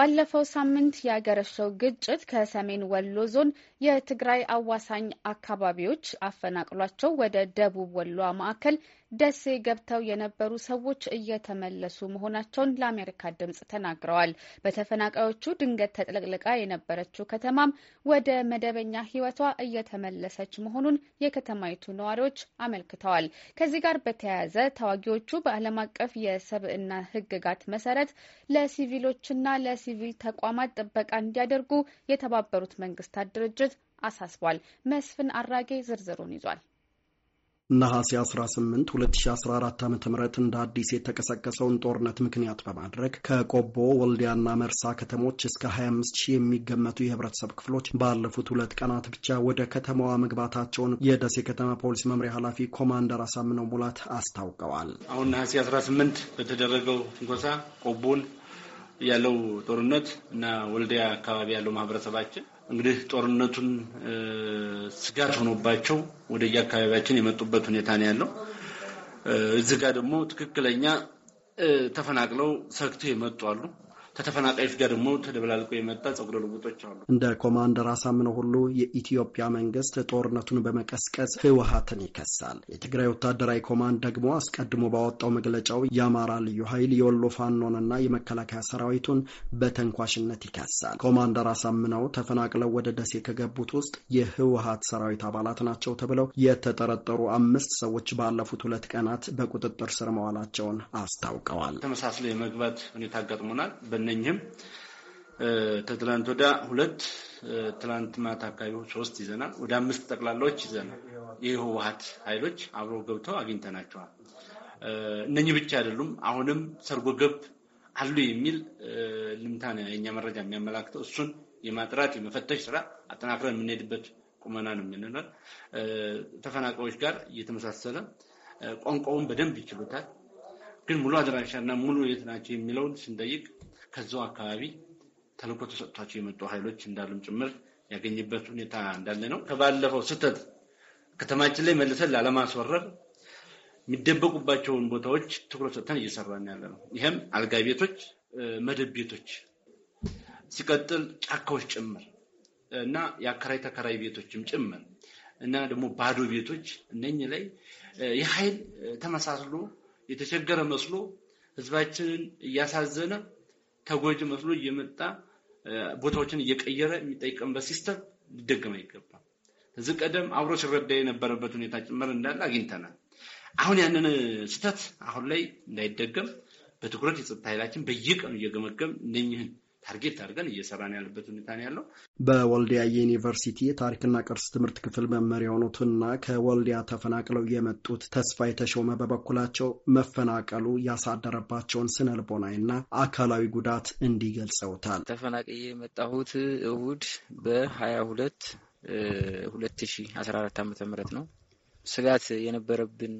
ባለፈው ሳምንት ያገረሸው ግጭት ከሰሜን ወሎ ዞን የትግራይ አዋሳኝ አካባቢዎች አፈናቅሏቸው ወደ ደቡብ ወሎ ማዕከል ደሴ ገብተው የነበሩ ሰዎች እየተመለሱ መሆናቸውን ለአሜሪካ ድምጽ ተናግረዋል። በተፈናቃዮቹ ድንገት ተጥለቅልቃ የነበረችው ከተማም ወደ መደበኛ ሕይወቷ እየተመለሰች መሆኑን የከተማይቱ ነዋሪዎች አመልክተዋል። ከዚህ ጋር በተያያዘ ተዋጊዎቹ በዓለም አቀፍ የሰብዕና ሕግጋት መሰረት ለሲቪሎችና ለሲቪል ተቋማት ጥበቃ እንዲያደርጉ የተባበሩት መንግስታት ድርጅት አሳስቧል። መስፍን አራጌ ዝርዝሩን ይዟል። ነሐሴ 18 2014 ዓ ም እንደ አዲስ የተቀሰቀሰውን ጦርነት ምክንያት በማድረግ ከቆቦ ወልዲያና መርሳ ከተሞች እስከ 25 ሺህ የሚገመቱ የህብረተሰብ ክፍሎች ባለፉት ሁለት ቀናት ብቻ ወደ ከተማዋ መግባታቸውን የደሴ ከተማ ፖሊስ መምሪያ ኃላፊ ኮማንደር አሳምነው ሙላት አስታውቀዋል። አሁን ነሐሴ 18 በተደረገው ትንኮሳ ቆቦን ያለው ጦርነት እና ወልዲያ አካባቢ ያለው ማህበረሰባችን እንግዲህ ጦርነቱን ስጋት ሆኖባቸው ወደ የአካባቢያችን የመጡበት ሁኔታ ነው ያለው። እዚህ ጋር ደግሞ ትክክለኛ ተፈናቅለው ሰግተው የመጡ አሉ። ከተፈናቃዮች ጋር ደግሞ ተደበላልቆ የመጣ ጸጉረ ልውጦች አሉ። እንደ ኮማንደር አሳምነው ሁሉ የኢትዮጵያ መንግስት ጦርነቱን በመቀስቀስ ህወሀትን ይከሳል። የትግራይ ወታደራዊ ኮማንድ ደግሞ አስቀድሞ ባወጣው መግለጫው የአማራ ልዩ ኃይል የወሎ ፋኖንና የመከላከያ ሰራዊቱን በተንኳሽነት ይከሳል። ኮማንደር አሳምነው ተፈናቅለው ወደ ደሴ ከገቡት ውስጥ የህወሀት ሰራዊት አባላት ናቸው ተብለው የተጠረጠሩ አምስት ሰዎች ባለፉት ሁለት ቀናት በቁጥጥር ስር መዋላቸውን አስታውቀዋል። ተመሳስሎ የመግባት ሁኔታ አጋጥሞናል። እነኝህም ከትላንት ወዳ ሁለት ትላንት ማታ አካባቢ ሶስት ይዘናል። ወደ አምስት ጠቅላላዎች ይዘናል። የህወሀት ኃይሎች አብረው ገብተው አግኝተናቸዋል። እነኚህ ብቻ አይደሉም። አሁንም ሰርጎ ገብ አሉ የሚል ልምታ ነው የኛ መረጃ የሚያመላክተው። እሱን የማጥራት የመፈተሽ ስራ አጠናክረን የምንሄድበት ቁመና ነው የምንለው። ተፈናቃዮች ጋር እየተመሳሰለ ቋንቋውን በደንብ ይችሉታል። ግን ሙሉ አድራሻ ሙሉ የት ናቸው የሚለውን ስንጠይቅ ከዛው አካባቢ ተልዕኮ ተሰጥቷቸው የመጡ ኃይሎች እንዳሉም ጭምር ያገኝበት ሁኔታ እንዳለ ነው። ከባለፈው ስህተት ከተማችን ላይ መልሰን ላለማስወረር የሚደበቁባቸውን ቦታዎች ትኩረት ሰጥተን እየሰራን ያለ ነው። ይህም አልጋ ቤቶች፣ መደብ ቤቶች ሲቀጥል ጫካዎች ጭምር እና የአከራይ ተከራይ ቤቶችም ጭምር እና ደግሞ ባዶ ቤቶች እነኚህ ላይ የኃይል ተመሳስሎ የተቸገረ መስሎ ህዝባችንን እያሳዘነ ተጎጂ መስሎ እየመጣ ቦታዎችን እየቀየረ የሚጠይቀምበት ሲስተም ሊደገም አይገባም። ከዚህ ቀደም አብሮ ሲረዳ የነበረበት ሁኔታ ጭምር እንዳለ አግኝተናል። አሁን ያንን ስህተት አሁን ላይ እንዳይደገም በትኩረት የጸጥታ ኃይላችን በየቀኑ እየገመገም እነኝህን ታርጌት አድርገን እየሰራን ያለበት ሁኔታ ነው ያለው። በወልዲያ ዩኒቨርሲቲ የታሪክና ቅርስ ትምህርት ክፍል መምህር የሆኑትና ከወልዲያ ተፈናቅለው የመጡት ተስፋ የተሾመ በበኩላቸው መፈናቀሉ ያሳደረባቸውን ስነ ልቦናዊና አካላዊ ጉዳት እንዲህ ገልጸውታል። ተፈናቅዬ የመጣሁት እሁድ በሀያ ሁለት ሁለት ሺ አስራ አራት አመተ ምህረት ነው። ስጋት የነበረብን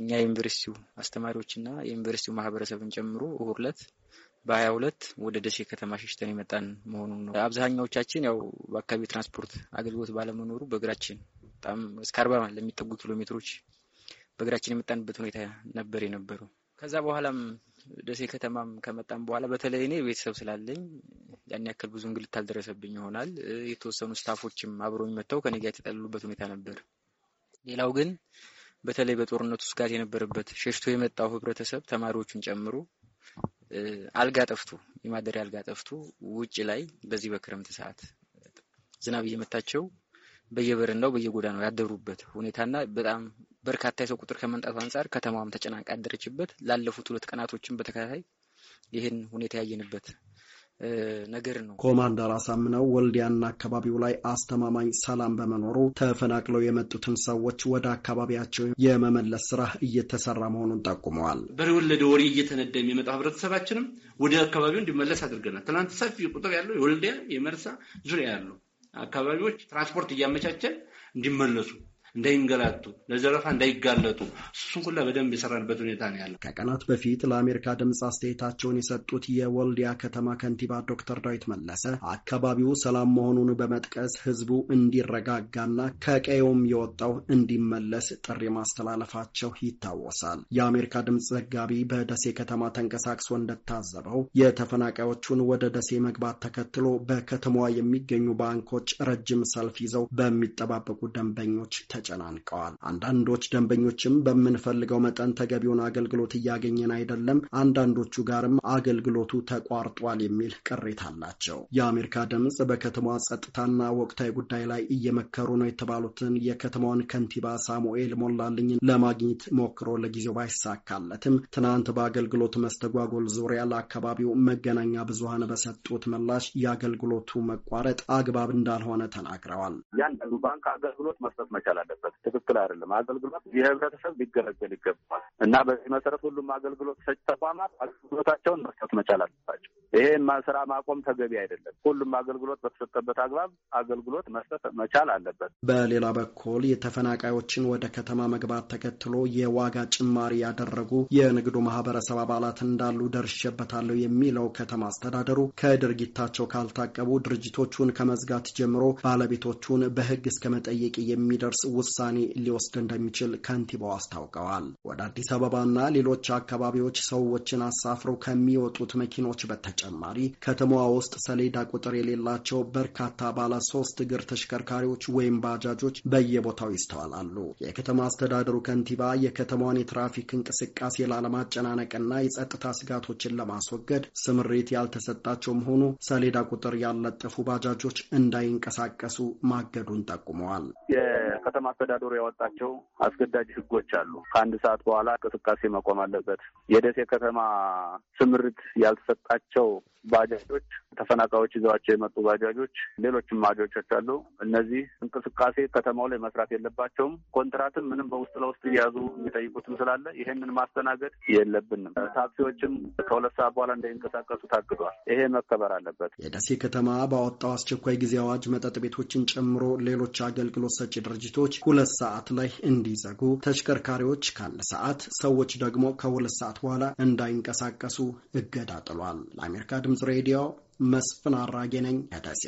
እኛ ዩኒቨርሲቲው አስተማሪዎችና የዩኒቨርሲቲው ማህበረሰብን ጨምሮ እሁድ ዕለት በሀያ ሁለት ወደ ደሴ ከተማ ሸሽተን የመጣን መሆኑን ነው። አብዛኛዎቻችን ያው በአካባቢ ትራንስፖርት አገልግሎት ባለመኖሩ በእግራችን በጣም እስከ አርባ ለሚጠጉ ኪሎ ሜትሮች በእግራችን የመጣንበት ሁኔታ ነበር የነበረው። ከዛ በኋላም ደሴ ከተማም ከመጣም በኋላ በተለይ እኔ ቤተሰብ ስላለኝ ያን ያክል ብዙ እንግልት አልደረሰብኝ ይሆናል። የተወሰኑ ስታፎችም አብሮ መጥተው ከኔ ጋር የተጠለሉበት ሁኔታ ነበር። ሌላው ግን በተለይ በጦርነቱ ስጋት የነበረበት ሸሽቶ የመጣው ህብረተሰብ ተማሪዎቹን ጨምሮ አልጋ ጠፍቶ የማደሪያ አልጋ ጠፍቶ ውጭ ላይ በዚህ በክረምት ሰዓት ዝናብ እየመታቸው በየበረንዳው በየጎዳናው ያደሩበት ሁኔታና በጣም በርካታ የሰው ቁጥር ከመምጣቱ አንጻር ከተማዋም ተጨናንቃ ያደረችበት ላለፉት ሁለት ቀናቶችን በተከታታይ ይህን ሁኔታ ያየንበት ነገር ነው። ኮማንደር አሳምነው ወልዲያና አካባቢው ላይ አስተማማኝ ሰላም በመኖሩ ተፈናቅለው የመጡትን ሰዎች ወደ አካባቢያቸው የመመለስ ስራ እየተሰራ መሆኑን ጠቁመዋል። በወለደ ወሬ እየተነዳ የሚመጣው ህብረተሰባችንም ወደ አካባቢው እንዲመለስ አድርገናል። ትናንት ሰፊ ቁጥር ያለው የወልዲያ የመርሳ ዙሪያ ያለው አካባቢዎች ትራንስፖርት እያመቻቸን እንዲመለሱ እንዳይንገላቱ፣ ለዘረፋ እንዳይጋለጡ እሱን ሁላ በደንብ የሰራንበት ሁኔታ ነው ያለው። ከቀናት በፊት ለአሜሪካ ድምፅ አስተያየታቸውን የሰጡት የወልዲያ ከተማ ከንቲባ ዶክተር ዳዊት መለሰ አካባቢው ሰላም መሆኑን በመጥቀስ ህዝቡ እንዲረጋጋና ከቀየውም የወጣው እንዲመለስ ጥሪ ማስተላለፋቸው ይታወሳል። የአሜሪካ ድምፅ ዘጋቢ በደሴ ከተማ ተንቀሳቅሶ እንደታዘበው የተፈናቃዮቹን ወደ ደሴ መግባት ተከትሎ በከተማዋ የሚገኙ ባንኮች ረጅም ሰልፍ ይዘው በሚጠባበቁ ደንበኞች ተ ተጨናንቀዋል። አንዳንዶች ደንበኞችም በምንፈልገው መጠን ተገቢውን አገልግሎት እያገኘን አይደለም፣ አንዳንዶቹ ጋርም አገልግሎቱ ተቋርጧል የሚል ቅሬታ አላቸው። የአሜሪካ ድምፅ በከተማዋ ጸጥታና ወቅታዊ ጉዳይ ላይ እየመከሩ ነው የተባሉትን የከተማውን ከንቲባ ሳሙኤል ሞላልኝን ለማግኘት ሞክሮ ለጊዜው ባይሳካለትም ትናንት በአገልግሎት መስተጓጎል ዙሪያ ለአካባቢው መገናኛ ብዙሃን በሰጡት ምላሽ የአገልግሎቱ መቋረጥ አግባብ እንዳልሆነ ተናግረዋል። እያንዳንዱ ባንክ አገልግሎት መስጠት መቻል ያለበት ትክክል አይደለም። አገልግሎት የህብረተሰብ ሊገለገል ይገባል እና በዚህ መሰረት ሁሉም አገልግሎት ሰጭ ተቋማት አገልግሎታቸውን መስጠት መቻል አለበት። ይሄን ስራ ማቆም ተገቢ አይደለም። ሁሉም አገልግሎት በተሰጠበት አግባብ አገልግሎት መስጠት መቻል አለበት። በሌላ በኩል የተፈናቃዮችን ወደ ከተማ መግባት ተከትሎ የዋጋ ጭማሪ ያደረጉ የንግዱ ማህበረሰብ አባላት እንዳሉ ደርሼበታለሁ የሚለው ከተማ አስተዳደሩ ከድርጊታቸው ካልታቀቡ ድርጅቶቹን ከመዝጋት ጀምሮ ባለቤቶቹን በሕግ እስከ መጠየቅ የሚደርስ ውሳኔ ሊወስድ እንደሚችል ከንቲባው አስታውቀዋል። ወደ አዲስ አበባና ሌሎች አካባቢዎች ሰዎችን አሳፍረው ከሚወጡት መኪኖች በተጨ በተጨማሪ ከተማዋ ውስጥ ሰሌዳ ቁጥር የሌላቸው በርካታ ባለ ሶስት እግር ተሽከርካሪዎች ወይም ባጃጆች በየቦታው ይስተዋላሉ። የከተማ አስተዳደሩ ከንቲባ የከተማዋን የትራፊክ እንቅስቃሴ ላለማጨናነቅና የጸጥታ ስጋቶችን ለማስወገድ ስምሪት ያልተሰጣቸው መሆኑ ሰሌዳ ቁጥር ያልለጠፉ ባጃጆች እንዳይንቀሳቀሱ ማገዱን ጠቁመዋል። ከተማ አስተዳደሩ ያወጣቸው አስገዳጅ ህጎች አሉ። ከአንድ ሰዓት በኋላ እንቅስቃሴ መቆም አለበት። የደሴ ከተማ ስምርት ያልተሰጣቸው ባጃጆች፣ ተፈናቃዮች ይዘዋቸው የመጡ ባጃጆች፣ ሌሎችም ባጃጆች አሉ። እነዚህ እንቅስቃሴ ከተማው ላይ መስራት የለባቸውም። ኮንትራትም ምንም በውስጥ ለውስጥ እየያዙ የሚጠይቁትም ስላለ ይሄንን ማስተናገድ የለብንም። ታክሲዎችም ከሁለት ሰዓት በኋላ እንዳይንቀሳቀሱ ታግዷል። ይሄ መከበር አለበት። የደሴ ከተማ ባወጣው አስቸኳይ ጊዜ አዋጅ መጠጥ ቤቶችን ጨምሮ ሌሎች አገልግሎት ሰጪ ድርጅት ድርጅቶች ሁለት ሰዓት ላይ እንዲዘጉ፣ ተሽከርካሪዎች ካለ ሰዓት፣ ሰዎች ደግሞ ከሁለት ሰዓት በኋላ እንዳይንቀሳቀሱ እገዳ ጥሏል። ለአሜሪካ ድምጽ ሬዲዮ መስፍን አራጌ ነኝ ከደሴ።